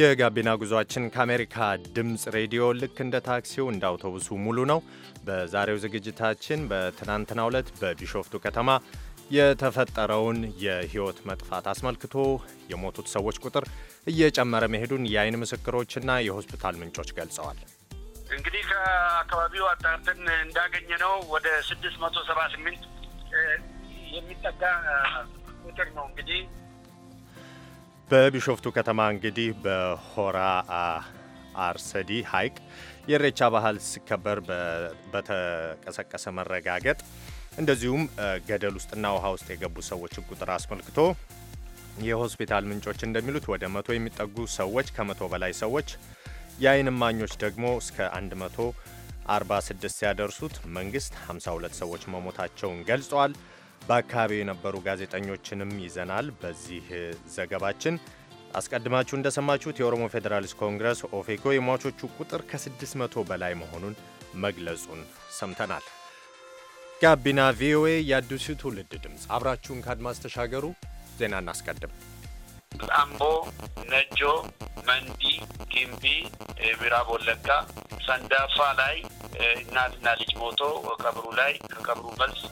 የጋቢና ጉዟችን ከአሜሪካ ድምፅ ሬዲዮ ልክ እንደ ታክሲው እንደ አውቶቡሱ ሙሉ ነው። በዛሬው ዝግጅታችን በትናንትናው ዕለት በቢሾፍቱ ከተማ የተፈጠረውን የሕይወት መጥፋት አስመልክቶ የሞቱት ሰዎች ቁጥር እየጨመረ መሄዱን የአይን ምስክሮችና የሆስፒታል ምንጮች ገልጸዋል። እንግዲህ ከአካባቢው አጣርተን እንዳገኘ ነው ወደ ስድስት መቶ ሰባ ስምንት የሚጠጋ ቁጥር ነው እንግዲህ በቢሾፍቱ ከተማ እንግዲህ በሆራ አርሰዲ ሐይቅ የኢሬቻ ባህል ሲከበር በተቀሰቀሰ መረጋገጥ እንደዚሁም ገደል ውስጥና ውሃ ውስጥ የገቡ ሰዎችን ቁጥር አስመልክቶ የሆስፒታል ምንጮች እንደሚሉት ወደ መቶ የሚጠጉ ሰዎች ከመቶ በላይ ሰዎች የአይን እማኞች ደግሞ እስከ 146 ሲያደርሱት መንግስት 52 ሰዎች መሞታቸውን ገልጸዋል። በአካባቢው የነበሩ ጋዜጠኞችንም ይዘናል በዚህ ዘገባችን። አስቀድማችሁ እንደሰማችሁት የኦሮሞ ፌዴራሊስት ኮንግረስ ኦፌኮ የሟቾቹ ቁጥር ከ600 በላይ መሆኑን መግለጹን ሰምተናል። ጋቢና ቪኦኤ የአዲሱ ትውልድ ድምፅ፣ አብራችሁን ከአድማስ ተሻገሩ። ዜና እናስቀድም። አምቦ፣ ነጆ፣ መንዲ፣ ጊምቢ፣ ምዕራብ ወለጋ፣ ሰንዳፋ ላይ እናትና ልጅ ሞቶ ቀብሩ ላይ ከቀብሩ መልስ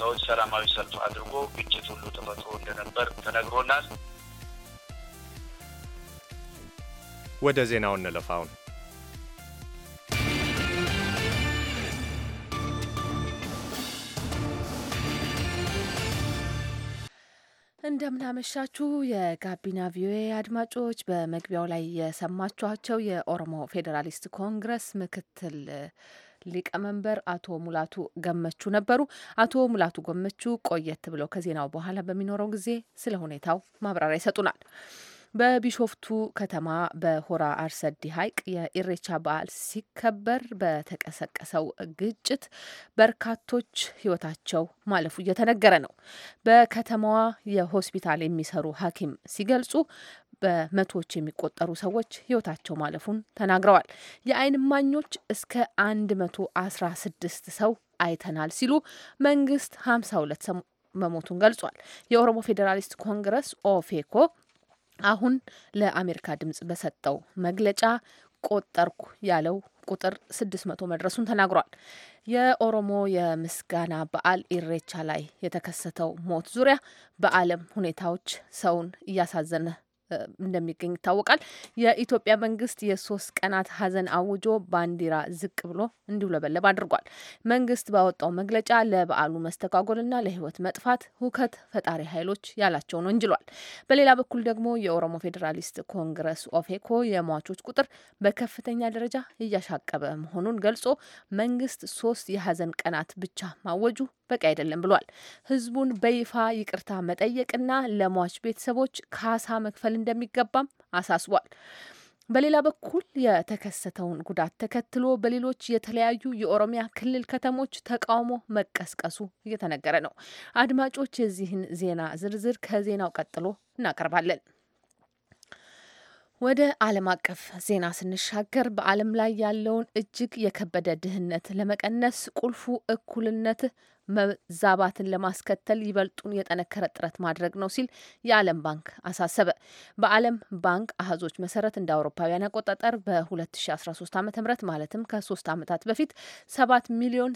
ሰዎች ሰላማዊ ሰልፍ አድርጎ ግጭት ሁሉ ተፈጥሮ እንደነበር ተነግሮናል። ወደ ዜናው እንለፋውን እንደምናመሻችሁ የጋቢና ቪኦኤ አድማጮች፣ በመግቢያው ላይ የሰማችኋቸው የኦሮሞ ፌዴራሊስት ኮንግረስ ምክትል ሊቀመንበር አቶ ሙላቱ ገመቹ ነበሩ። አቶ ሙላቱ ገመቹ ቆየት ብለው ከዜናው በኋላ በሚኖረው ጊዜ ስለ ሁኔታው ማብራሪያ ይሰጡናል። በቢሾፍቱ ከተማ በሆራ አርሰዲ ሐይቅ የኢሬቻ በዓል ሲከበር በተቀሰቀሰው ግጭት በርካቶች ሕይወታቸው ማለፉ እየተነገረ ነው። በከተማዋ የሆስፒታል የሚሰሩ ሐኪም ሲገልጹ በመቶዎች የሚቆጠሩ ሰዎች ሕይወታቸው ማለፉን ተናግረዋል። የአይን እማኞች እስከ አንድ መቶ አስራ ስድስት ሰው አይተናል ሲሉ መንግስት ሀምሳ ሁለት መሞቱን ገልጿል። የኦሮሞ ፌዴራሊስት ኮንግረስ ኦፌኮ አሁን ለአሜሪካ ድምጽ በሰጠው መግለጫ ቆጠርኩ ያለው ቁጥር ስድስት መቶ መድረሱን ተናግሯል። የኦሮሞ የምስጋና በዓል ኢሬቻ ላይ የተከሰተው ሞት ዙሪያ በዓለም ሁኔታዎች ሰውን እያሳዘነ እንደሚገኝ ይታወቃል። የኢትዮጵያ መንግስት የሶስት ቀናት ሀዘን አውጆ ባንዲራ ዝቅ ብሎ እንዲውለበለብ አድርጓል። መንግስት ባወጣው መግለጫ ለበዓሉ መስተጓጎልና ለህይወት መጥፋት ሁከት ፈጣሪ ኃይሎች ነው እንጅሏል። በሌላ በኩል ደግሞ የኦሮሞ ፌዴራሊስት ኮንግረስ ኦፌኮ የሟቾች ቁጥር በከፍተኛ ደረጃ እያሻቀበ መሆኑን ገልጾ መንግስት ሶስት የሀዘን ቀናት ብቻ ማወጁ በቂ አይደለም ብሏል። ህዝቡን በይፋ ይቅርታ መጠየቅና ለሟች ቤተሰቦች ካሳ መክፈል እንደሚገባም አሳስቧል። በሌላ በኩል የተከሰተውን ጉዳት ተከትሎ በሌሎች የተለያዩ የኦሮሚያ ክልል ከተሞች ተቃውሞ መቀስቀሱ እየተነገረ ነው። አድማጮች የዚህን ዜና ዝርዝር ከዜናው ቀጥሎ እናቀርባለን። ወደ ዓለም አቀፍ ዜና ስንሻገር በዓለም ላይ ያለውን እጅግ የከበደ ድህነት ለመቀነስ ቁልፉ እኩልነት መዛባትን ለማስከተል ይበልጡን የጠነከረ ጥረት ማድረግ ነው ሲል የዓለም ባንክ አሳሰበ። በአለም ባንክ አህዞች መሰረት እንደ አውሮፓውያን አቆጣጠር በ2013 ዓ ም ማለትም ከሶስት ዓመታት በፊት 7 ሚሊዮን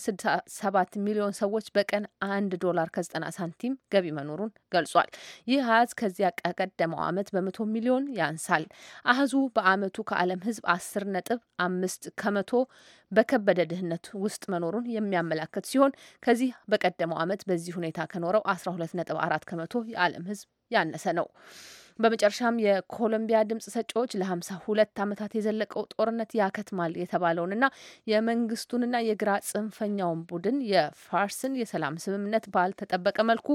ሚሊዮን ሰዎች በቀን 1 ዶላር ከ90 ሳንቲም ገቢ መኖሩን ገልጿል። ይህ አሃዝ ከዚያ ቀደመው ዓመት በመቶ ሚሊዮን ያንሳል። አህዙ በዓመቱ ከዓለም ህዝብ 10 ነጥብ 5 ከመቶ በከበደ ድህነት ውስጥ መኖሩን የሚያመላክት ሲሆን ከዚህ በቀደመው ዓመት በዚህ ሁኔታ ከኖረው 12.4 ከመቶ የዓለም ሕዝብ ያነሰ ነው። በመጨረሻም የኮሎምቢያ ድምጽ ሰጪዎች ለሀምሳ ሁለት ዓመታት የዘለቀው ጦርነት ያከትማል የተባለውንና የመንግስቱንና የግራ ጽንፈኛውን ቡድን የፋርስን የሰላም ስምምነት ባልተጠበቀ መልኩ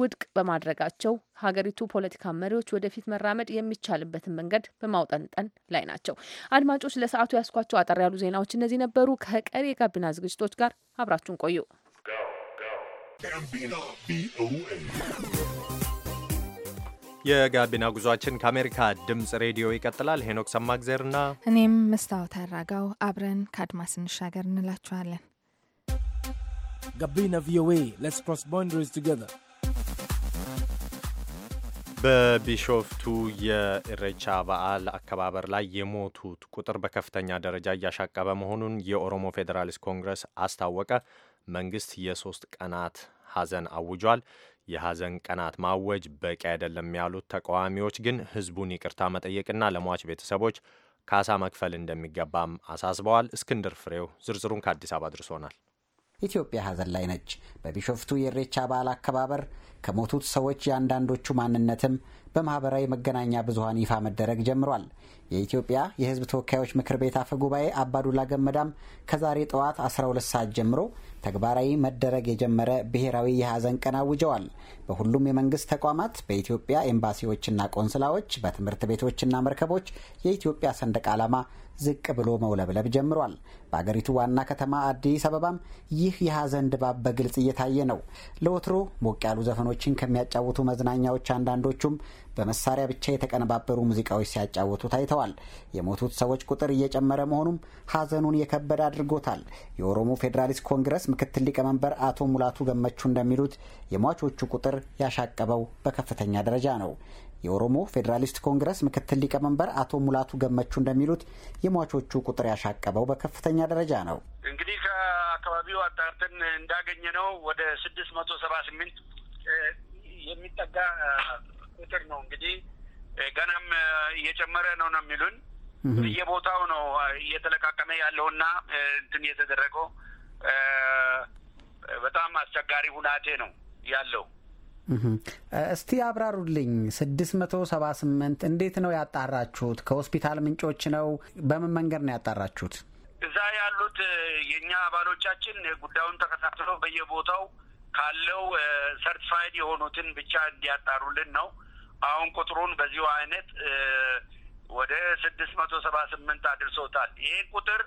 ውድቅ በማድረጋቸው ሀገሪቱ ፖለቲካ መሪዎች ወደፊት መራመድ የሚቻልበትን መንገድ በማውጠንጠን ላይ ናቸው። አድማጮች ለሰዓቱ ያስኳቸው አጠር ያሉ ዜናዎች እነዚህ ነበሩ። ከቀሪ የጋቢና ዝግጅቶች ጋር አብራችሁን ቆዩ። የጋቢና ጉዟችን ከአሜሪካ ድምፅ ሬዲዮ ይቀጥላል። ሄኖክ ሰማግዜርና እኔም መስታወት አራጋው አብረን ከአድማስ እንሻገር እንላችኋለን። ጋቢና ቪኦኤ ሌትስ ክሮስ ቦንደሪስ ቱጌዘር በቢሾፍቱ የኢሬቻ በዓል አከባበር ላይ የሞቱት ቁጥር በከፍተኛ ደረጃ እያሻቀበ መሆኑን የኦሮሞ ፌዴራሊስት ኮንግረስ አስታወቀ። መንግስት የሶስት ቀናት ሐዘን አውጇል። የሐዘን ቀናት ማወጅ በቂ አይደለም ያሉት ተቃዋሚዎች ግን ህዝቡን ይቅርታ መጠየቅና ለሟች ቤተሰቦች ካሳ መክፈል እንደሚገባም አሳስበዋል። እስክንድር ፍሬው ዝርዝሩን ከአዲስ አበባ አድርሶናል። ኢትዮጵያ ሐዘን ላይ ነች። በቢሾፍቱ የኢሬቻ በዓል አከባበር ከሞቱት ሰዎች የአንዳንዶቹ ማንነትም በማኅበራዊ መገናኛ ብዙሀን ይፋ መደረግ ጀምሯል። የኢትዮጵያ የሕዝብ ተወካዮች ምክር ቤት አፈ ጉባኤ አባዱላ ገመዳም ከዛሬ ጠዋት 12 ሰዓት ጀምሮ ተግባራዊ መደረግ የጀመረ ብሔራዊ የሐዘን ቀን አውጀዋል። በሁሉም የመንግስት ተቋማት፣ በኢትዮጵያ ኤምባሲዎችና ቆንስላዎች፣ በትምህርት ቤቶችና መርከቦች የኢትዮጵያ ሰንደቅ ዓላማ ዝቅ ብሎ መውለብለብ ጀምሯል። በአገሪቱ ዋና ከተማ አዲስ አበባም ይህ የሐዘን ድባብ በግልጽ እየታየ ነው። ለወትሮ ሞቅ ያሉ ዘፈኖችን ከሚያጫውቱ መዝናኛዎች አንዳንዶቹም በመሳሪያ ብቻ የተቀነባበሩ ሙዚቃዎች ሲያጫወቱ ታይተዋል። የሞቱት ሰዎች ቁጥር እየጨመረ መሆኑም ሀዘኑን የከበደ አድርጎታል። የኦሮሞ ፌዴራሊስት ኮንግረስ ምክትል ሊቀመንበር አቶ ሙላቱ ገመቹ እንደሚሉት የሟቾቹ ቁጥር ያሻቀበው በከፍተኛ ደረጃ ነው። የኦሮሞ ፌዴራሊስት ኮንግረስ ምክትል ሊቀመንበር አቶ ሙላቱ ገመቹ እንደሚሉት የሟቾቹ ቁጥር ያሻቀበው በከፍተኛ ደረጃ ነው። እንግዲህ ከአካባቢው አጣርተን እንዳገኘ ነው ወደ ስድስት መቶ ሰባ ስምንት የሚጠጋ ቁጥር ነው እንግዲህ ገናም እየጨመረ ነው ነው የሚሉን እየቦታው ነው እየተለቃቀመ ያለውና እንትን የተደረገው በጣም አስቸጋሪ ሁናቴ ነው ያለው። እስቲ አብራሩልኝ። ስድስት መቶ ሰባ ስምንት እንዴት ነው ያጣራችሁት? ከሆስፒታል ምንጮች ነው? በምን መንገድ ነው ያጣራችሁት? እዛ ያሉት የእኛ አባሎቻችን ጉዳዩን ተከታትለው በየቦታው ካለው ሰርቲፋይድ የሆኑትን ብቻ እንዲያጣሩልን ነው አሁን ቁጥሩን በዚሁ አይነት ወደ ስድስት መቶ ሰባ ስምንት አድርሶታል። ይሄ ቁጥር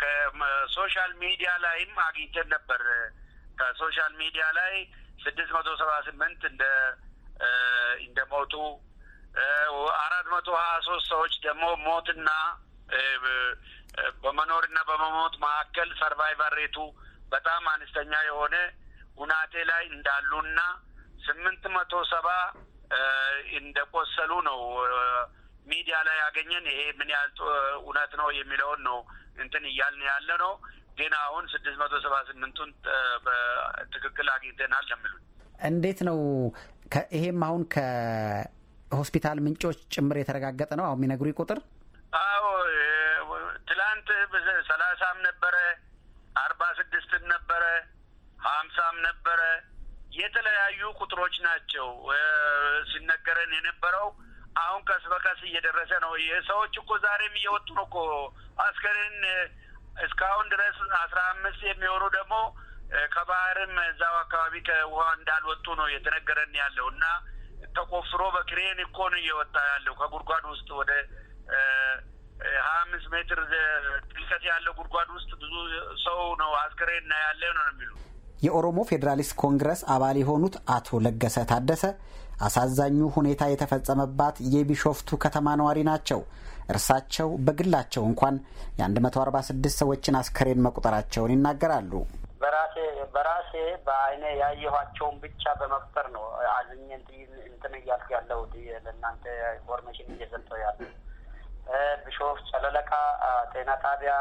ከሶሻል ሚዲያ ላይም አግኝተን ነበር። ከሶሻል ሚዲያ ላይ ስድስት መቶ ሰባ ስምንት እንደ እንደ ሞቱ አራት መቶ ሀያ ሶስት ሰዎች ደግሞ ሞትና በመኖርና በመሞት መካከል ሰርቫይቨር ሬቱ በጣም አነስተኛ የሆነ ሁናቴ ላይ እንዳሉና ስምንት መቶ ሰባ እንደቆሰሉ ነው ሚዲያ ላይ ያገኘን። ይሄ ምን ያህል እውነት ነው የሚለውን ነው እንትን እያልን ያለ ነው። ግን አሁን ስድስት መቶ ሰባ ስምንቱን በትክክል አግኝተናል ለምሉ እንዴት ነው ይሄም አሁን ከሆስፒታል ምንጮች ጭምር የተረጋገጠ ነው። አሁን የሚነግሩ ቁጥር አዎ ትላንት ሰላሳም ነበረ አርባ ስድስትም የተለያዩ ቁጥሮች ናቸው ሲነገረን የነበረው። አሁን ቀስ በቀስ እየደረሰ ነው። ይህ ሰዎች እኮ ዛሬም እየወጡ ነው እኮ አስከሬን እስካሁን ድረስ አስራ አምስት የሚሆኑ ደግሞ ከባህርም እዛው አካባቢ ከውሃ እንዳልወጡ ነው እየተነገረን ያለው እና ተቆፍሮ በክሬን እኮ ነው እየወጣ ያለው ከጉድጓድ ውስጥ ወደ ሀያ አምስት ሜትር ጥልቀት ያለው ጉድጓድ ውስጥ ብዙ ሰው ነው አስከሬን ያለ ነው የሚሉ የኦሮሞ ፌዴራሊስት ኮንግረስ አባል የሆኑት አቶ ለገሰ ታደሰ አሳዛኙ ሁኔታ የተፈጸመባት የቢሾፍቱ ከተማ ነዋሪ ናቸው። እርሳቸው በግላቸው እንኳን የ146 ሰዎችን አስከሬን መቁጠራቸውን ይናገራሉ። በራሴ በራሴ በአይኔ ያየኋቸውን ብቻ በመቁጠር ነው አዝኜ እንትን እያልኩ ያለሁት ለእናንተ ኢንፎርሜሽን እየሰጠው ያለ ቢሾፍቱ ጨለለቃ ጤና ጣቢያ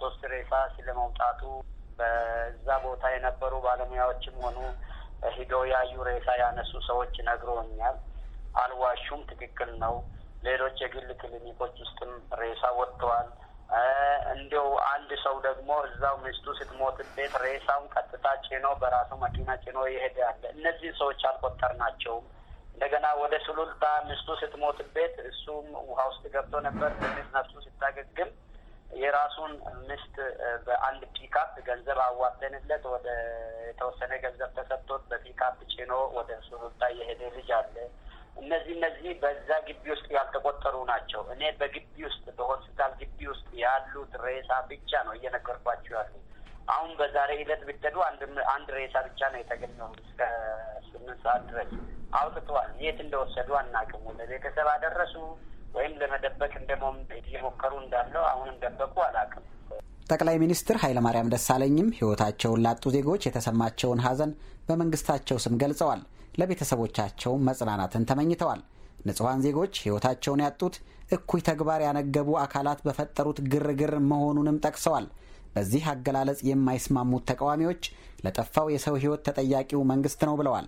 ሶስት ሬሳ ስለመውጣቱ በዛ ቦታ የነበሩ ባለሙያዎችም ሆኑ ሂዶ ያዩ ሬሳ ያነሱ ሰዎች ነግሮኛል። አልዋሹም። ትክክል ነው። ሌሎች የግል ክሊኒኮች ውስጥም ሬሳ ወጥተዋል። እንዲው አንድ ሰው ደግሞ እዛው ሚስቱ ስትሞትበት ሬሳውን ቀጥታ ጭኖ በራሱ መኪና ጭኖ ይሄድ አለ። እነዚህ ሰዎች አልቆጠርናቸውም። እንደገና ወደ ሱሉልታ ሚስቱ ስትሞትበት እሱም ውሃ ውስጥ ገብቶ ነበር። ትንሽ ነፍሱ ስታገግም የራሱን ምስት በአንድ ፒካፕ ገንዘብ አዋተንለት ወደ የተወሰነ ገንዘብ ተሰጥቶት በፒካፕ ጭኖ ወደ ሱሩታ የሄደ ልጅ አለ። እነዚህ እነዚህ በዛ ግቢ ውስጥ ያልተቆጠሩ ናቸው። እኔ በግቢ ውስጥ በሆስፒታል ግቢ ውስጥ ያሉት ሬሳ ብቻ ነው እየነገርኳቸው ያሉ። አሁን በዛሬ ዕለት ብትሄዱ አንድ ሬሳ ብቻ ነው የተገኘው። እስከ ስምንት ሰዓት ድረስ አውጥተዋል። የት እንደወሰዱ አናውቅም። ለቤተሰብ አደረሱ ወይም ለመደበቅ እየሞከሩ እንዳለው አሁንም ደበቁ አላውቅም። ጠቅላይ ሚኒስትር ኃይለማርያም ደሳለኝም ሕይወታቸውን ላጡ ዜጎች የተሰማቸውን ሐዘን በመንግስታቸው ስም ገልጸዋል። ለቤተሰቦቻቸው መጽናናትን ተመኝተዋል። ንጹሐን ዜጎች ሕይወታቸውን ያጡት እኩይ ተግባር ያነገቡ አካላት በፈጠሩት ግርግር መሆኑንም ጠቅሰዋል። በዚህ አገላለጽ የማይስማሙት ተቃዋሚዎች ለጠፋው የሰው ሕይወት ተጠያቂው መንግስት ነው ብለዋል።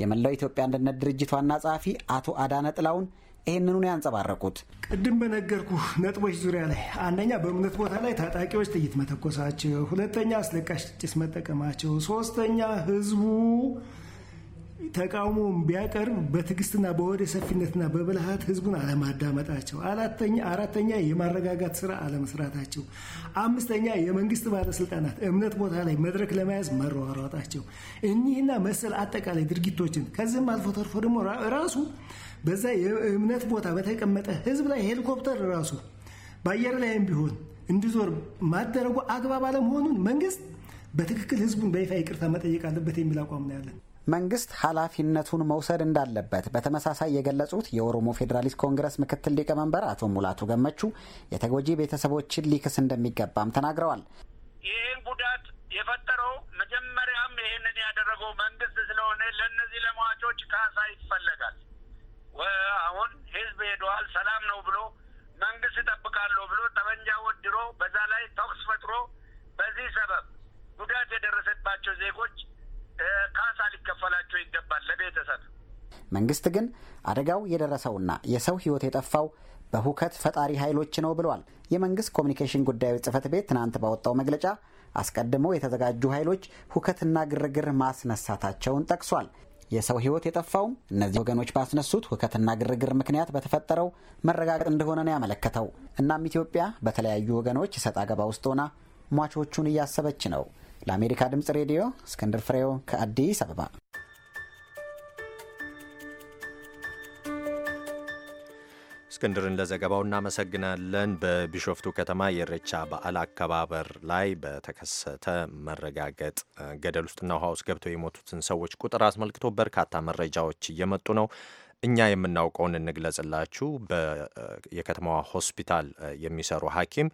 የመላው ኢትዮጵያ አንድነት ድርጅት ዋና ጸሐፊ አቶ አዳነ ጥላውን ይህንኑን ያንጸባረቁት። ቅድም በነገርኩ ነጥቦች ዙሪያ ላይ አንደኛ በእምነት ቦታ ላይ ታጣቂዎች ጥይት መተኮሳቸው፣ ሁለተኛ አስለቃሽ ጭስ መጠቀማቸው፣ ሶስተኛ ህዝቡ ተቃውሞውን ቢያቀርብ በትዕግስትና በወደ ሰፊነትና በብልሃት ህዝቡን አለማዳመጣቸው፣ አራተኛ የማረጋጋት ስራ አለመስራታቸው፣ አምስተኛ የመንግስት ባለስልጣናት እምነት ቦታ ላይ መድረክ ለመያዝ መሯሯጣቸው እኚህና መሰል አጠቃላይ ድርጊቶችን ከዚህም አልፎ ተርፎ ደግሞ ራሱ በዛ የእምነት ቦታ በተቀመጠ ህዝብ ላይ ሄሊኮፕተር ራሱ በአየር ላይም ቢሆን እንዲዞር ማደረጉ አግባብ አለመሆኑን መንግስት በትክክል ህዝቡን በይፋ ይቅርታ መጠየቅ አለበት የሚል አቋም ነው ያለን። መንግስት ኃላፊነቱን መውሰድ እንዳለበት በተመሳሳይ የገለጹት የኦሮሞ ፌዴራሊስት ኮንግረስ ምክትል ሊቀመንበር አቶ ሙላቱ ገመቹ የተጎጂ ቤተሰቦችን ሊክስ እንደሚገባም ተናግረዋል። ይህን ጉዳት የፈጠረው መጀመሪያም ይህንን ያደረገው መንግስት ስለሆነ ለእነዚህ ለሟቾች ካሳ ይፈለጋል። አሁን ህዝብ ሄደዋል፣ ሰላም ነው ብሎ መንግስት እጠብቃለሁ ብሎ ጠመንጃ ወድሮ በዛ ላይ ተኩስ ፈጥሮ በዚህ ሰበብ ጉዳት የደረሰባቸው ዜጎች ካሳ ሊከፈላቸው ይገባል ለቤተሰብ። መንግስት ግን አደጋው የደረሰውና የሰው ህይወት የጠፋው በሁከት ፈጣሪ ኃይሎች ነው ብሏል። የመንግስት ኮሚኒኬሽን ጉዳዮች ጽህፈት ቤት ትናንት ባወጣው መግለጫ አስቀድመው የተዘጋጁ ኃይሎች ሁከትና ግርግር ማስነሳታቸውን ጠቅሷል። የሰው ህይወት የጠፋውም እነዚህ ወገኖች ባስነሱት ሁከትና ግርግር ምክንያት በተፈጠረው መረጋገጥ እንደሆነ ነው ያመለከተው። እናም ኢትዮጵያ በተለያዩ ወገኖች ሰጥ አገባ ውስጥ ሆና ሟቾቹን እያሰበች ነው። ለአሜሪካ ድምፅ ሬዲዮ እስክንድር ፍሬው ከአዲስ አበባ። እስክንድርን ለዘገባው እናመሰግናለን። በቢሾፍቱ ከተማ የኢሬቻ በዓል አከባበር ላይ በተከሰተ መረጋገጥ ገደል ውስጥና ውሃ ውስጥ ገብተው የሞቱትን ሰዎች ቁጥር አስመልክቶ በርካታ መረጃዎች እየመጡ ነው። እኛ የምናውቀውን እንግለጽላችሁ። የከተማዋ ሆስፒታል የሚሰሩ ሐኪም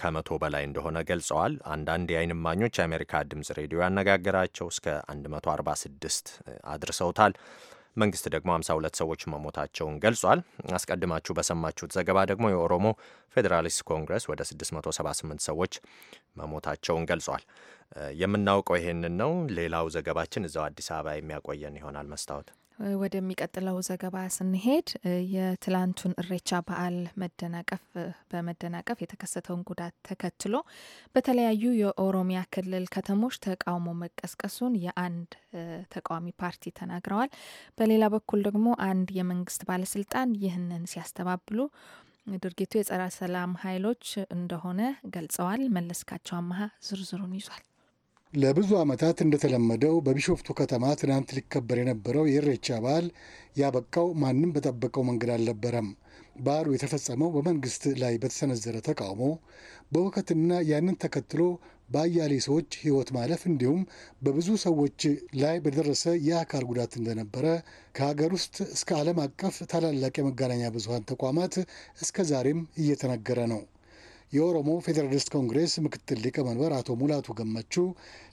ከመቶ በላይ እንደሆነ ገልጸዋል። አንዳንድ የዓይን እማኞች የአሜሪካ ድምፅ ሬዲዮ ያነጋገራቸው እስከ 146 አድርሰውታል። መንግስት ደግሞ 52 ሰዎች መሞታቸውን ገልጿል። አስቀድማችሁ በሰማችሁት ዘገባ ደግሞ የኦሮሞ ፌዴራሊስት ኮንግረስ ወደ 678 ሰዎች መሞታቸውን ገልጿል። የምናውቀው ይሄንን ነው። ሌላው ዘገባችን እዛው አዲስ አበባ የሚያቆየን ይሆናል። መስታወት ወደሚቀጥለው ዘገባ ስንሄድ የትላንቱን እሬቻ በዓል መደናቀፍ በመደናቀፍ የተከሰተውን ጉዳት ተከትሎ በተለያዩ የኦሮሚያ ክልል ከተሞች ተቃውሞ መቀስቀሱን የአንድ ተቃዋሚ ፓርቲ ተናግረዋል። በሌላ በኩል ደግሞ አንድ የመንግስት ባለስልጣን ይህንን ሲያስተባብሉ ድርጊቱ የጸረ ሰላም ኃይሎች እንደሆነ ገልጸዋል። መለስካቸው አመሀ ዝርዝሩን ይዟል። ለብዙ ዓመታት እንደተለመደው በቢሾፍቱ ከተማ ትናንት ሊከበር የነበረው የእሬቻ በዓል ያበቃው ማንም በጠበቀው መንገድ አልነበረም። በዓሉ የተፈጸመው በመንግስት ላይ በተሰነዘረ ተቃውሞ፣ በውከትና ያንን ተከትሎ በአያሌ ሰዎች ሕይወት ማለፍ እንዲሁም በብዙ ሰዎች ላይ በደረሰ የአካል ጉዳት እንደነበረ ከሀገር ውስጥ እስከ ዓለም አቀፍ ታላላቅ የመገናኛ ብዙሃን ተቋማት እስከ ዛሬም እየተነገረ ነው። የኦሮሞ ፌዴራሊስት ኮንግሬስ ምክትል ሊቀመንበር አቶ ሙላቱ ገመቹ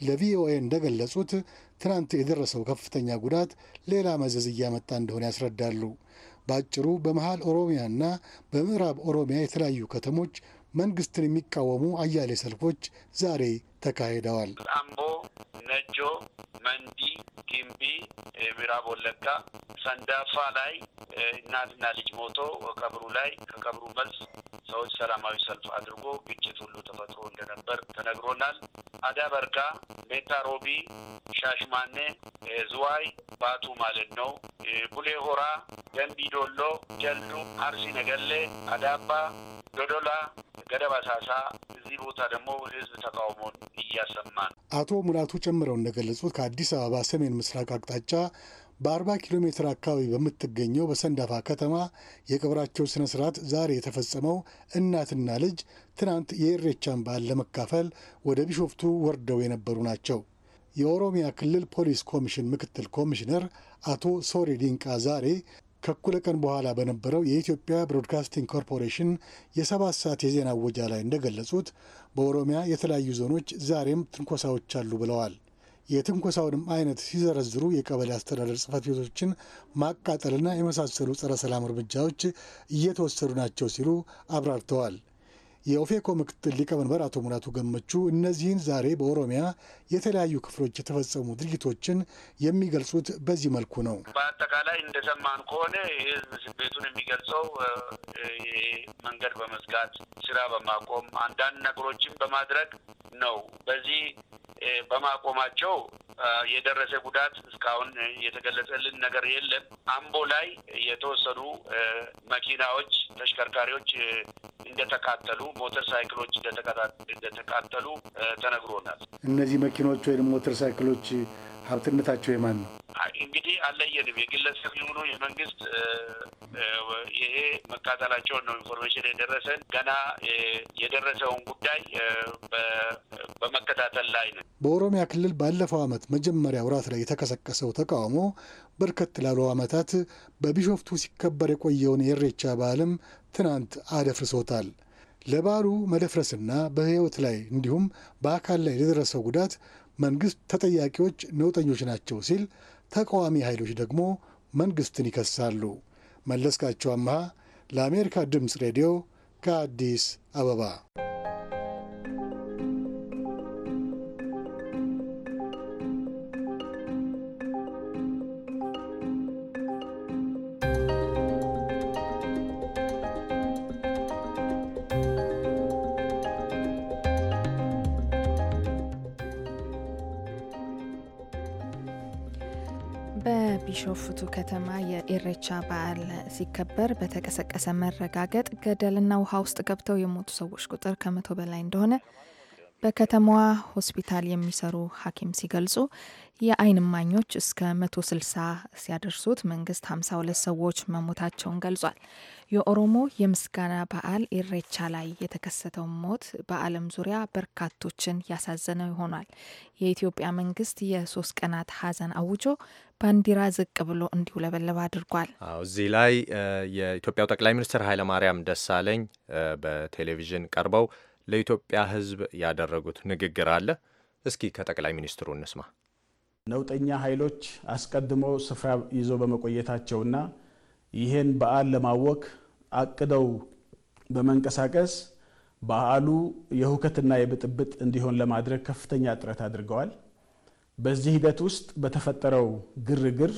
ለቪኦኤ እንደገለጹት ትናንት የደረሰው ከፍተኛ ጉዳት ሌላ መዘዝ እያመጣ እንደሆነ ያስረዳሉ። በአጭሩ በመሀል ኦሮሚያና በምዕራብ ኦሮሚያ የተለያዩ ከተሞች መንግስትን የሚቃወሙ አያሌ ሰልፎች ዛሬ ተካሂደዋል። አምቦ፣ ነጆ፣ መንዲ፣ ጊምቢ፣ ምዕራብ ወለጋ፣ ሰንዳፋ ላይ እናትና ልጅ ሞቶ ቀብሩ ላይ ከቀብሩ መልስ ሰዎች ሰላማዊ ሰልፍ አድርጎ ግጭት ሁሉ ተፈጥሮ እንደነበር ተነግሮናል። አዳ በርጋ፣ ሜታ ሮቢ፣ ሻሽማኔ፣ ዝዋይ፣ ባቱ ማለት ነው። ቡሌ ሆራ፣ ደንቢ ዶሎ፣ ጀልዱ፣ አርሲ ነገሌ፣ አዳባ፣ ዶዶላ፣ ገደብ አሳሳ እዚህ ቦታ ደግሞ ህዝብ ተቃውሞን እያሰማ ነው። አቶ ሙላቱ ጨምረው እንደገለጹት ከአዲስ አበባ ሰሜን ምስራቅ አቅጣጫ በአርባ ኪሎ ሜትር አካባቢ በምትገኘው በሰንዳፋ ከተማ የቅብራቸው ስነ ስርዓት ዛሬ የተፈጸመው እናትና ልጅ ትናንት የኢሬቻን በዓል ለመካፈል ወደ ቢሾፍቱ ወርደው የነበሩ ናቸው። የኦሮሚያ ክልል ፖሊስ ኮሚሽን ምክትል ኮሚሽነር አቶ ሶሪ ዲንቃ ዛሬ ከእኩለ ቀን በኋላ በነበረው የኢትዮጵያ ብሮድካስቲንግ ኮርፖሬሽን የሰባት ሰዓት የዜና እወጃ ላይ እንደገለጹት በኦሮሚያ የተለያዩ ዞኖች ዛሬም ትንኮሳዎች አሉ ብለዋል። የትንኮሳውንም አይነት ሲዘረዝሩ የቀበሌ አስተዳደር ጽፈት ቤቶችን ማቃጠልና የመሳሰሉ ጸረ ሰላም እርምጃዎች እየተወሰዱ ናቸው ሲሉ አብራርተዋል። የኦፌኮ ምክትል ሊቀመንበር አቶ ሙላቱ ገመቹ እነዚህን ዛሬ በኦሮሚያ የተለያዩ ክፍሎች የተፈጸሙ ድርጊቶችን የሚገልጹት በዚህ መልኩ ነው። በአጠቃላይ እንደሰማን ከሆነ የህዝብ ቤቱን የሚገልጸው መንገድ በመዝጋት ስራ በማቆም አንዳንድ ነገሮችን በማድረግ ነው። በዚህ በማቆማቸው የደረሰ ጉዳት እስካሁን የተገለጸልን ነገር የለም። አምቦ ላይ የተወሰኑ መኪናዎች፣ ተሽከርካሪዎች እንደተቃጠሉ፣ ሞተር ሳይክሎች እንደተቃጠሉ ተነግሮናል። እነዚህ መኪኖች ወይም ሞተር ሳይክሎች ሀብትነታቸው የማን ነው? እንግዲህ አለየንም፣ የግለሰብ ይሁኑ የመንግስት ይሄ መቃጠላቸውን ነው ኢንፎርሜሽን የደረሰን። ገና የደረሰውን ጉዳይ በመከታተል ላይ ነው። በኦሮሚያ ክልል ባለፈው ዓመት መጀመሪያ ውራት ላይ የተቀሰቀሰው ተቃውሞ በርከት ላሉ ዓመታት በቢሾፍቱ ሲከበር የቆየውን የእሬቻ በዓልም ትናንት አደፍርሶታል። ለበዓሉ መደፍረስና በሕይወት ላይ እንዲሁም በአካል ላይ ለደረሰው ጉዳት መንግስት ተጠያቂዎች ነውጠኞች ናቸው ሲል፣ ተቃዋሚ ኃይሎች ደግሞ መንግስትን ይከሳሉ። መለስካቸው አምሃ ለአሜሪካ ድምፅ ሬዲዮ ከአዲስ አበባ በቢሾፍቱ ከተማ የኢሬቻ በዓል ሲከበር በተቀሰቀሰ መረጋገጥ ገደልና ውሃ ውስጥ ገብተው የሞቱ ሰዎች ቁጥር ከመቶ በላይ እንደሆነ በከተማዋ ሆስፒታል የሚሰሩ ሐኪም ሲገልጹ የአይን ማኞች እስከ 160 ሲያደርሱት መንግስት 52 ሰዎች መሞታቸውን ገልጿል። የኦሮሞ የምስጋና በዓል ኢሬቻ ላይ የተከሰተው ሞት በዓለም ዙሪያ በርካቶችን ያሳዘነ ይሆኗል። የኢትዮጵያ መንግስት የሶስት ቀናት ሀዘን አውጆ ባንዲራ ዝቅ ብሎ እንዲውለበለብ አድርጓል። እዚህ ላይ የኢትዮጵያው ጠቅላይ ሚኒስትር ኃይለማርያም ደሳለኝ በቴሌቪዥን ቀርበው ለኢትዮጵያ ሕዝብ ያደረጉት ንግግር አለ። እስኪ ከጠቅላይ ሚኒስትሩ እንስማ። ነውጠኛ ኃይሎች አስቀድሞ ስፍራ ይዞ በመቆየታቸውና ይህን በዓል ለማወክ አቅደው በመንቀሳቀስ በዓሉ የሁከትና የብጥብጥ እንዲሆን ለማድረግ ከፍተኛ ጥረት አድርገዋል። በዚህ ሂደት ውስጥ በተፈጠረው ግርግር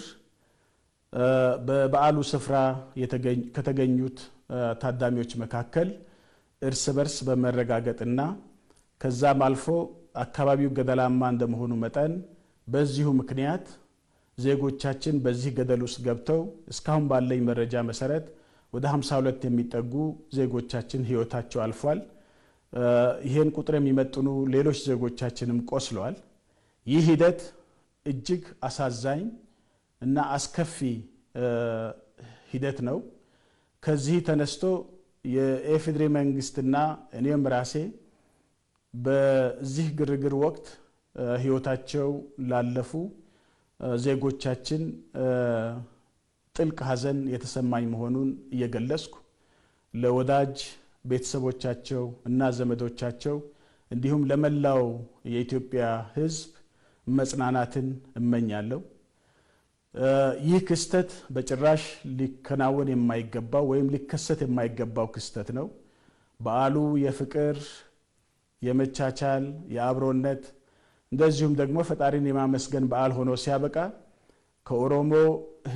በበዓሉ ስፍራ ከተገኙት ታዳሚዎች መካከል እርስ በርስ በመረጋገጥና ከዛም አልፎ አካባቢው ገደላማ እንደመሆኑ መጠን በዚሁ ምክንያት ዜጎቻችን በዚህ ገደል ውስጥ ገብተው እስካሁን ባለኝ መረጃ መሰረት ወደ 52 የሚጠጉ ዜጎቻችን ህይወታቸው አልፏል። ይህን ቁጥር የሚመጥኑ ሌሎች ዜጎቻችንም ቆስለዋል። ይህ ሂደት እጅግ አሳዛኝ እና አስከፊ ሂደት ነው። ከዚህ ተነስቶ የኢፌዴሪ መንግስትና እኔም ራሴ በዚህ ግርግር ወቅት ህይወታቸው ላለፉ ዜጎቻችን ጥልቅ ሐዘን የተሰማኝ መሆኑን እየገለጽኩ ለወዳጅ ቤተሰቦቻቸው እና ዘመዶቻቸው እንዲሁም ለመላው የኢትዮጵያ ህዝብ መጽናናትን እመኛለሁ። ይህ ክስተት በጭራሽ ሊከናወን የማይገባው ወይም ሊከሰት የማይገባው ክስተት ነው። በዓሉ የፍቅር፣ የመቻቻል፣ የአብሮነት እንደዚሁም ደግሞ ፈጣሪን የማመስገን በዓል ሆኖ ሲያበቃ ከኦሮሞ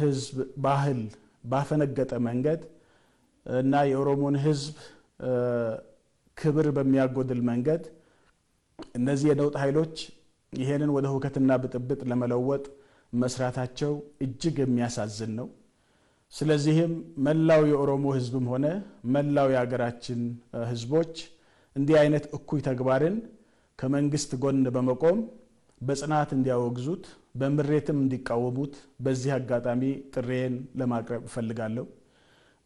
ሕዝብ ባህል ባፈነገጠ መንገድ እና የኦሮሞን ሕዝብ ክብር በሚያጎድል መንገድ እነዚህ የነውጥ ኃይሎች ይሄንን ወደ ሁከትና ብጥብጥ ለመለወጥ መስራታቸው እጅግ የሚያሳዝን ነው። ስለዚህም መላው የኦሮሞ ህዝብም ሆነ መላው የሀገራችን ህዝቦች እንዲህ አይነት እኩይ ተግባርን ከመንግስት ጎን በመቆም በጽናት እንዲያወግዙት፣ በምሬትም እንዲቃወሙት በዚህ አጋጣሚ ጥሬን ለማቅረብ እፈልጋለሁ።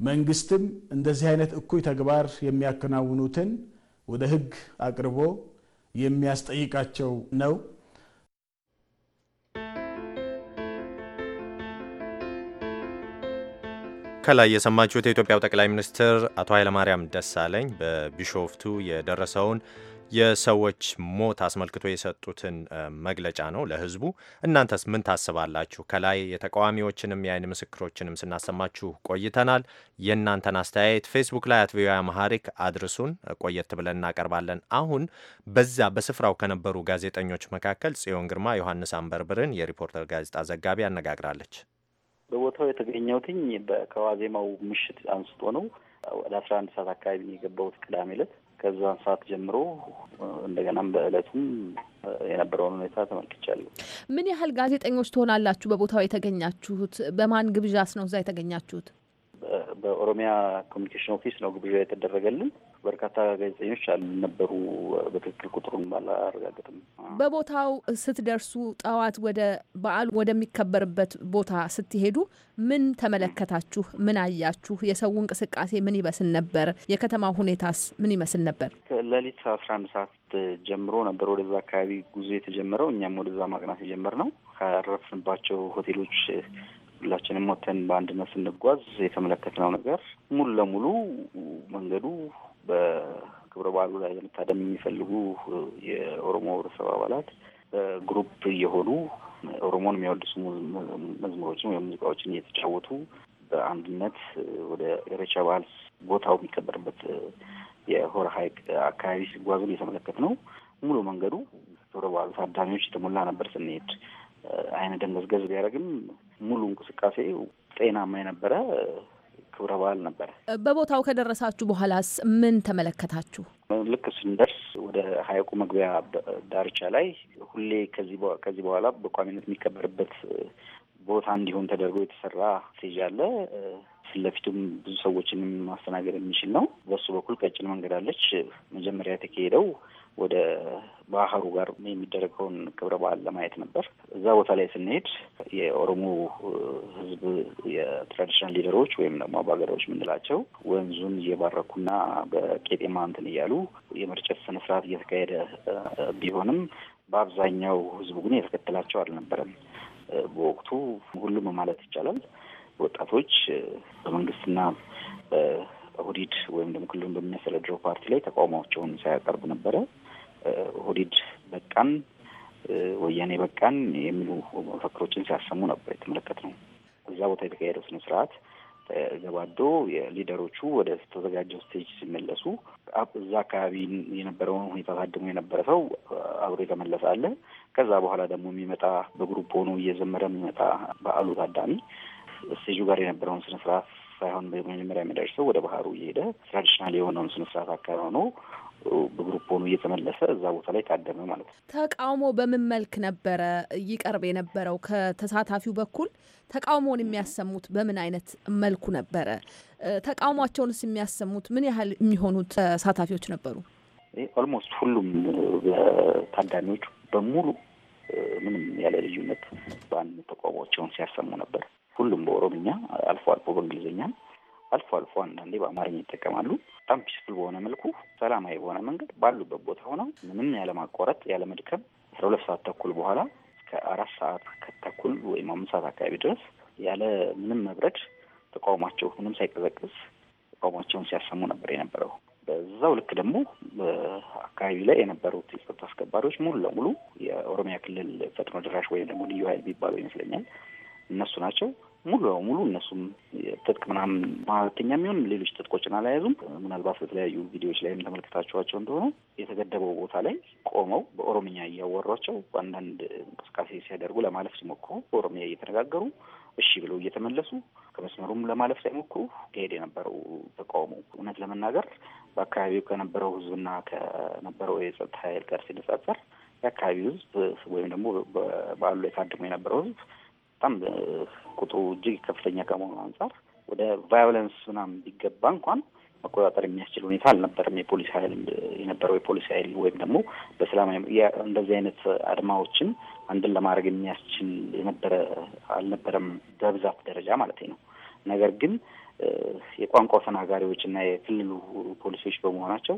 መንግስትም እንደዚህ አይነት እኩይ ተግባር የሚያከናውኑትን ወደ ህግ አቅርቦ የሚያስጠይቃቸው ነው። ከላይ የሰማችሁት የኢትዮጵያው ጠቅላይ ሚኒስትር አቶ ኃይለማርያም ደሳለኝ በቢሾፍቱ የደረሰውን የሰዎች ሞት አስመልክቶ የሰጡትን መግለጫ ነው ለህዝቡ እናንተስ ምን ታስባላችሁ? ከላይ የተቃዋሚዎችንም የአይን ምስክሮችንም ስናሰማችሁ ቆይተናል። የእናንተን አስተያየት ፌስቡክ ላይ አት ቪኦኤ አማሃሪክ አድርሱን። ቆየት ብለን እናቀርባለን። አሁን በዛ በስፍራው ከነበሩ ጋዜጠኞች መካከል ጽዮን ግርማ ዮሐንስ አንበርብርን የሪፖርተር ጋዜጣ ዘጋቢ አነጋግራለች። በቦታው የተገኘሁትኝ ከዋዜማው ምሽት አንስቶ ነው። ወደ አስራ አንድ ሰዓት አካባቢ የገባሁት ቅዳሜ ዕለት ከዛን ሰዓት ጀምሮ እንደገናም በእለቱም የነበረውን ሁኔታ ተመልክቻለሁ። ምን ያህል ጋዜጠኞች ትሆናላችሁ በቦታው የተገኛችሁት? በማን ግብዣስ ነው እዛ የተገኛችሁት? በኦሮሚያ ኮሚኒኬሽን ኦፊስ ነው ግብዣ የተደረገልን። በርካታ ጋዜጠኞች አልነበሩ። በትክክል ቁጥሩን ባላረጋገጥም በቦታው ስትደርሱ ጠዋት ወደ በዓሉ ወደሚከበርበት ቦታ ስትሄዱ ምን ተመለከታችሁ? ምን አያችሁ? የሰው እንቅስቃሴ ምን ይመስል ነበር? የከተማው ሁኔታስ ምን ይመስል ነበር? ከሌሊት አስራ አንድ ሰዓት ጀምሮ ነበር ወደዛ አካባቢ ጉዞ የተጀመረው። እኛም ወደዛ ማቅናት የጀመርነው ካረፍንባቸው ሆቴሎች ሁላችንም ወተን በአንድነት ስንጓዝ የተመለከትነው ነገር ሙሉ ለሙሉ መንገዱ በበዓሉ ላይ ለመታደም የሚፈልጉ የኦሮሞ ህብረተሰብ አባላት ግሩፕ እየሆኑ ኦሮሞን የሚያወድሱ መዝሙሮችን ወይም ሙዚቃዎችን እየተጫወቱ በአንድነት ወደ ኢሬቻ በዓል ቦታው የሚከበርበት የሆረ ሐይቅ አካባቢ ሲጓዙን እየተመለከት ነው። ሙሉ መንገዱ ክብረ በዓሉ ታዳሚዎች የተሞላ ነበር። ስንሄድ አይነ ደንመዝገዝ ቢያደርግም ሙሉ እንቅስቃሴ ጤናማ የነበረ ክብረ በዓል ነበረ። በቦታው ከደረሳችሁ በኋላስ ምን ተመለከታችሁ? ልክ ስንደርስ ወደ ሀይቁ መግቢያ ዳርቻ ላይ ሁሌ ከዚህ በኋላ በቋሚነት የሚከበርበት ቦታ እንዲሆን ተደርጎ የተሰራ ስቴጅ አለ። ፊት ለፊቱም ብዙ ሰዎችን ማስተናገድ የሚችል ነው። በሱ በኩል ቀጭን መንገድ አለች። መጀመሪያ የተካሄደው ወደ ባህሩ ጋር የሚደረገውን ክብረ በዓል ለማየት ነበር። እዛ ቦታ ላይ ስንሄድ የኦሮሞ ሕዝብ የትራዲሽናል ሊደሮች ወይም ደግሞ አባገዳዎች የምንላቸው ወንዙን እየባረኩና በቄጤማ እንትን እያሉ የመርጨት ስነስርዓት እየተካሄደ ቢሆንም በአብዛኛው ሕዝቡ ግን የተከተላቸው አልነበረም። በወቅቱ ሁሉም ማለት ይቻላል ወጣቶች በመንግስትና በኦህዲድ ወይም ደግሞ ክልሉን በሚያስተዳድረው ፓርቲ ላይ ተቃውሟቸውን ሳያቀርቡ ነበረ። ኦህዲድ በቃን፣ ወያኔ በቃን የሚሉ መፈክሮችን ሲያሰሙ ነበር ነው። እዛ ቦታ የተካሄደው ስነ ስርዓት ተገባዶ የሊደሮቹ ወደ ተዘጋጀው ስቴጅ ሲመለሱ እዛ አካባቢ የነበረውን ሁኔታ ታድሞ የነበረ ሰው አብሮ የተመለሰ አለ። ከዛ በኋላ ደግሞ የሚመጣ በግሩፕ ሆኖ እየዘመረ የሚመጣ በዓሉ ታዳሚ እሴጁ ጋር የነበረውን ስነስርዓት ሳይሆን በመጀመሪያ የሚደርሰው ወደ ባህሩ እየሄደ ትራዲሽናል የሆነውን ስነስርዓት አካል ሆኖ በግሩፕ ሆኖ እየተመለሰ እዛ ቦታ ላይ ታደመ ማለት ነው። ተቃውሞ በምን መልክ ነበረ ይቀርብ የነበረው? ከተሳታፊው በኩል ተቃውሞውን የሚያሰሙት በምን አይነት መልኩ ነበረ? ተቃውሟቸውንስ የሚያሰሙት ምን ያህል የሚሆኑ ተሳታፊዎች ነበሩ? ኦልሞስት ሁሉም ታዳሚዎች በሙሉ ምንም ያለ ልዩነት በአንድ ተቃውሟቸውን ሲያሰሙ ነበር። ሁሉም በኦሮምኛ አልፎ አልፎ በእንግሊዝኛ አልፎ አልፎ አንዳንዴ በአማርኛ ይጠቀማሉ። በጣም ፒስፉል በሆነ መልኩ ሰላማዊ በሆነ መንገድ ባሉበት ቦታ ሆነው ምንም ያለማቋረጥ ያለመድከም አስራ ሁለት ሰዓት ተኩል በኋላ እስከ አራት ሰዓት ተኩል ወይም አምስት ሰዓት አካባቢ ድረስ ያለ ምንም መብረድ ተቃውሟቸው ምንም ሳይቀዘቅዝ ተቃውሟቸውን ሲያሰሙ ነበር የነበረው። በዛው ልክ ደግሞ በአካባቢ ላይ የነበሩት የጸጥታ አስከባሪዎች ሙሉ ለሙሉ የኦሮሚያ ክልል ፈጥኖ ድራሽ ወይም ደግሞ ልዩ ኃይል የሚባለው ይመስለኛል እነሱ ናቸው ሙሉ በሙሉ እነሱም ትጥቅ ምናምን ማለተኛ የሚሆን ሌሎች ትጥቆችን አላያዙም። ምናልባት በተለያዩ ቪዲዮዎች ላይ የምተመልክታቸኋቸው እንደሆነ የተገደበው ቦታ ላይ ቆመው በኦሮምኛ እያወሯቸው አንዳንድ እንቅስቃሴ ሲያደርጉ ለማለፍ ሲሞክሩ በኦሮምኛ እየተነጋገሩ እሺ ብለው እየተመለሱ ከመስመሩም ለማለፍ ሳይሞክሩ ከሄድ የነበረው ተቃውሞ እውነት ለመናገር በአካባቢው ከነበረው ሕዝብና ከነበረው የጸጥታ ኃይል ጋር ሲነጻጸር የአካባቢው ሕዝብ ወይም ደግሞ በዓሉ ላይ ታድሞ የነበረው ሕዝብ በጣም ቁጥሩ እጅግ ከፍተኛ ከመሆኑ አንጻር ወደ ቫዮለንስ ምናምን ቢገባ እንኳን መቆጣጠር የሚያስችል ሁኔታ አልነበረም። የፖሊስ ኃይል የነበረው የፖሊስ ኃይል ወይም ደግሞ በሰላማዊ እንደዚህ አይነት አድማዎችን አንድን ለማድረግ የሚያስችል የነበረ አልነበረም በብዛት ደረጃ ማለት ነው። ነገር ግን የቋንቋው ተናጋሪዎች እና የክልሉ ፖሊሶች በመሆናቸው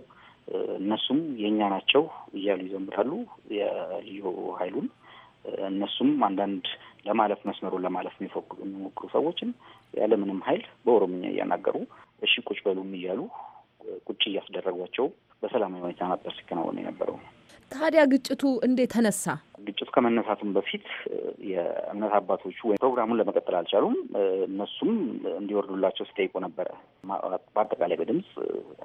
እነሱም የእኛ ናቸው እያሉ ይዘምራሉ የልዩ ኃይሉን እነሱም አንዳንድ ለማለፍ መስመሩን ለማለፍ የሚሞክሩ ሰዎችን ያለምንም ኃይል በኦሮምኛ እያናገሩ እሺ ቁጭ በሉም እያሉ ቁጭ እያስደረጓቸው በሰላማዊ ሁኔታ ነበር ሲከናወን የነበረው። ታዲያ ግጭቱ እንዴት ተነሳ? ከመነሳቱም በፊት የእምነት አባቶቹ ወይም ፕሮግራሙን ለመቀጠል አልቻሉም። እነሱም እንዲወርዱላቸው ሲጠይቁ ነበረ። በአጠቃላይ በድምፅ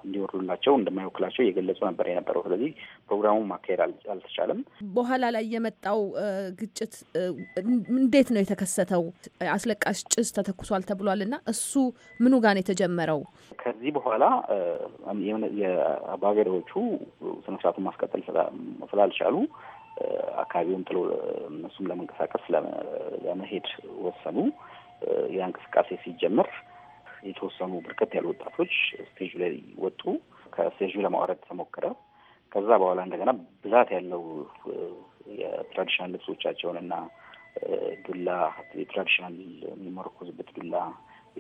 እንዲወርዱላቸው እንደማይወክላቸው እየገለጹ ነበር የነበረው። ስለዚህ ፕሮግራሙን ማካሄድ አልተቻለም። በኋላ ላይ የመጣው ግጭት እንዴት ነው የተከሰተው? አስለቃሽ ጭስ ተተኩሷል ተብሏል እና እሱ ምኑ ጋር ነው የተጀመረው? ከዚህ በኋላ የአባገዳዎቹ ስነስርዓቱን ማስቀጠል ስላልቻሉ አካባቢውን ጥሎ እነሱም ለመንቀሳቀስ ለመሄድ ወሰኑ። ያ እንቅስቃሴ ሲጀመር የተወሰኑ በርከት ያሉ ወጣቶች ስቴጁ ላይ ወጡ። ከስቴጁ ለማውረድ ተሞከረ። ከዛ በኋላ እንደገና ብዛት ያለው የትራዲሽናል ልብሶቻቸውን እና ዱላ የትራዲሽናል የሚመረኮዙበት ዱላ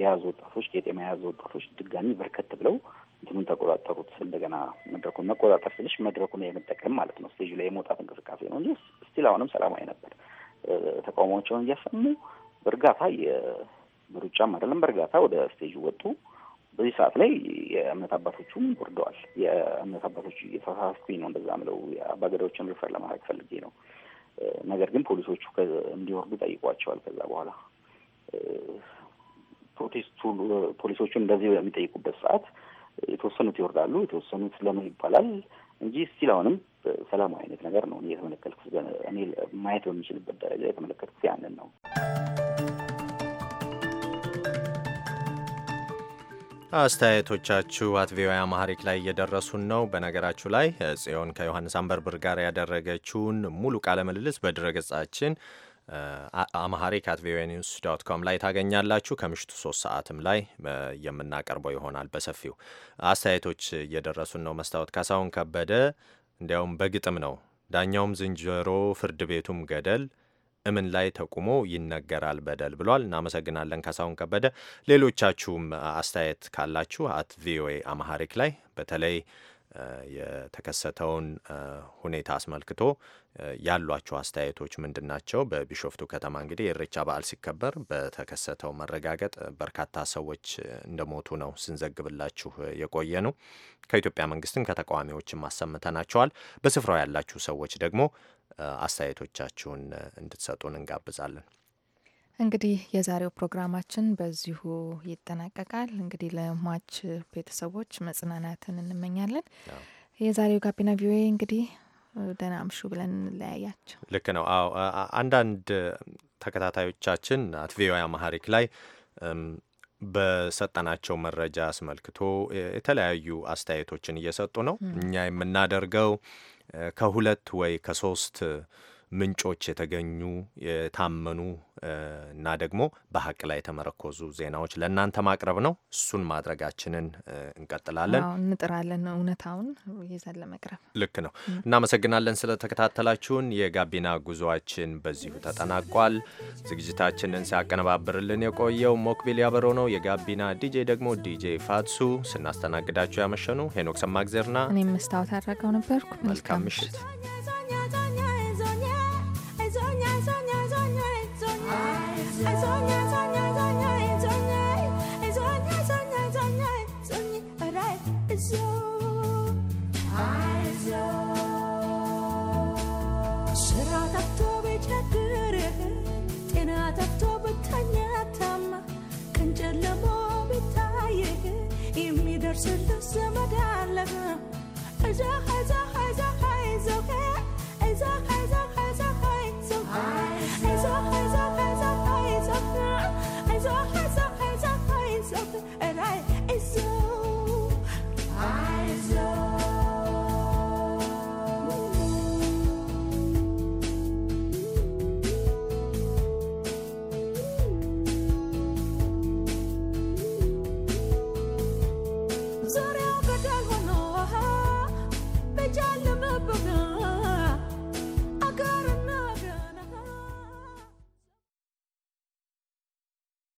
የያዙ ወጣቶች ቄጤማ የያዙ ወጣቶች ድጋሚ በርከት ብለው እንትኑን ተቆጣጠሩት። እንደገና መድረኩን መቆጣጠር ስልሽ መድረኩን የመጠቀም ማለት ነው። ስቴጅ ላይ የመውጣት እንቅስቃሴ ነው እንጂ ስቲል አሁንም ሰላማዊ ነበር። ተቃውሞቸውን እያሰሙ በእርጋታ በሩጫም አይደለም በእርጋታ ወደ ስቴጅ ወጡ። በዚህ ሰዓት ላይ የእምነት አባቶቹም ወርደዋል። የእምነት አባቶቹ እየተሳሳትኩኝ ነው እንደዛ ምለው የአባገዳዎችን ሪፈር ለማድረግ ፈልጌ ነው ነገር ግን ፖሊሶቹ እንዲወርዱ ጠይቋቸዋል። ከዛ በኋላ ፕሮቴስቱ ፖሊሶቹ እንደዚህ በሚጠይቁበት ሰዓት የተወሰኑት ይወርዳሉ፣ የተወሰኑት ለምን ይባላል እንጂ ስቲል አሁንም ሰላማዊ አይነት ነገር ነው እኔ እኔ ማየት በሚችልበት ደረጃ የተመለከትኩት ያንን ነው። አስተያየቶቻችሁ አት ቪኦኤ አማሪክ ላይ እየደረሱን ነው። በነገራችሁ ላይ ጽዮን ከዮሐንስ አንበርብር ጋር ያደረገችውን ሙሉ ቃለ ምልልስ በድረገጻችን አማሐሪክ አት ቪኦኤ ኒውስ ዶት ኮም ላይ ታገኛላችሁ። ከምሽቱ ሶስት ሰዓትም ላይ የምናቀርበው ይሆናል። በሰፊው አስተያየቶች እየደረሱን ነው። መስታወት ካሳሁን ከበደ እንዲያውም በግጥም ነው ዳኛውም ዝንጀሮ ፍርድ ቤቱም ገደል እምን ላይ ተቁሞ ይነገራል በደል ብሏል። እናመሰግናለን ካሳሁን ከበደ። ሌሎቻችሁም አስተያየት ካላችሁ አት ቪኦኤ አማሐሪክ ላይ በተለይ የተከሰተውን ሁኔታ አስመልክቶ ያሏቸው አስተያየቶች ምንድን ናቸው? በቢሾፍቱ ከተማ እንግዲህ የኢሬቻ በዓል ሲከበር በተከሰተው መረጋገጥ በርካታ ሰዎች እንደሞቱ ነው ስንዘግብላችሁ የቆየ ነው። ከኢትዮጵያ መንግስትም ከተቃዋሚዎችም አሰምተናቸዋል። በስፍራው ያላችሁ ሰዎች ደግሞ አስተያየቶቻችሁን እንድትሰጡን እንጋብዛለን። እንግዲህ የዛሬው ፕሮግራማችን በዚሁ ይጠናቀቃል። እንግዲህ ለሟች ቤተሰቦች መጽናናትን እንመኛለን። የዛሬው ጋቢና ቪኦኤ እንግዲህ ደህና አምሹ ብለን እንለያያቸው። ልክ ነው። አዎ አንዳንድ ተከታታዮቻችን አት ቪኦኤ አማሃሪክ ላይ በሰጠናቸው መረጃ አስመልክቶ የተለያዩ አስተያየቶችን እየሰጡ ነው። እኛ የምናደርገው ከሁለት ወይ ከሶስት ምንጮች የተገኙ የታመኑ እና ደግሞ በሀቅ ላይ የተመረኮዙ ዜናዎች ለእናንተ ማቅረብ ነው። እሱን ማድረጋችንን እንቀጥላለን፣ እንጥራለን እውነታውን ይዘን ለመቅረብ። ልክ ነው። እናመሰግናለን ስለተከታተላችሁን። የጋቢና ጉዞአችን በዚሁ ተጠናቋል። ዝግጅታችንን ሲያቀነባብርልን የቆየው ሞክቢል ያበሮ ነው። የጋቢና ዲጄ ደግሞ ዲጄ ፋትሱ፣ ስናስተናግዳችሁ ያመሸኑ ሄኖክ ሰማግዜርና እኔም መስታወት አድረገው ነበርኩ። መልካም ምሽት። ስራ ጠፍቶ ቢቸግርህ ጤና ጠፍቶ ብተኛ ታማ ቀን ጨልሞ ቢታይህ የሚደርስልህ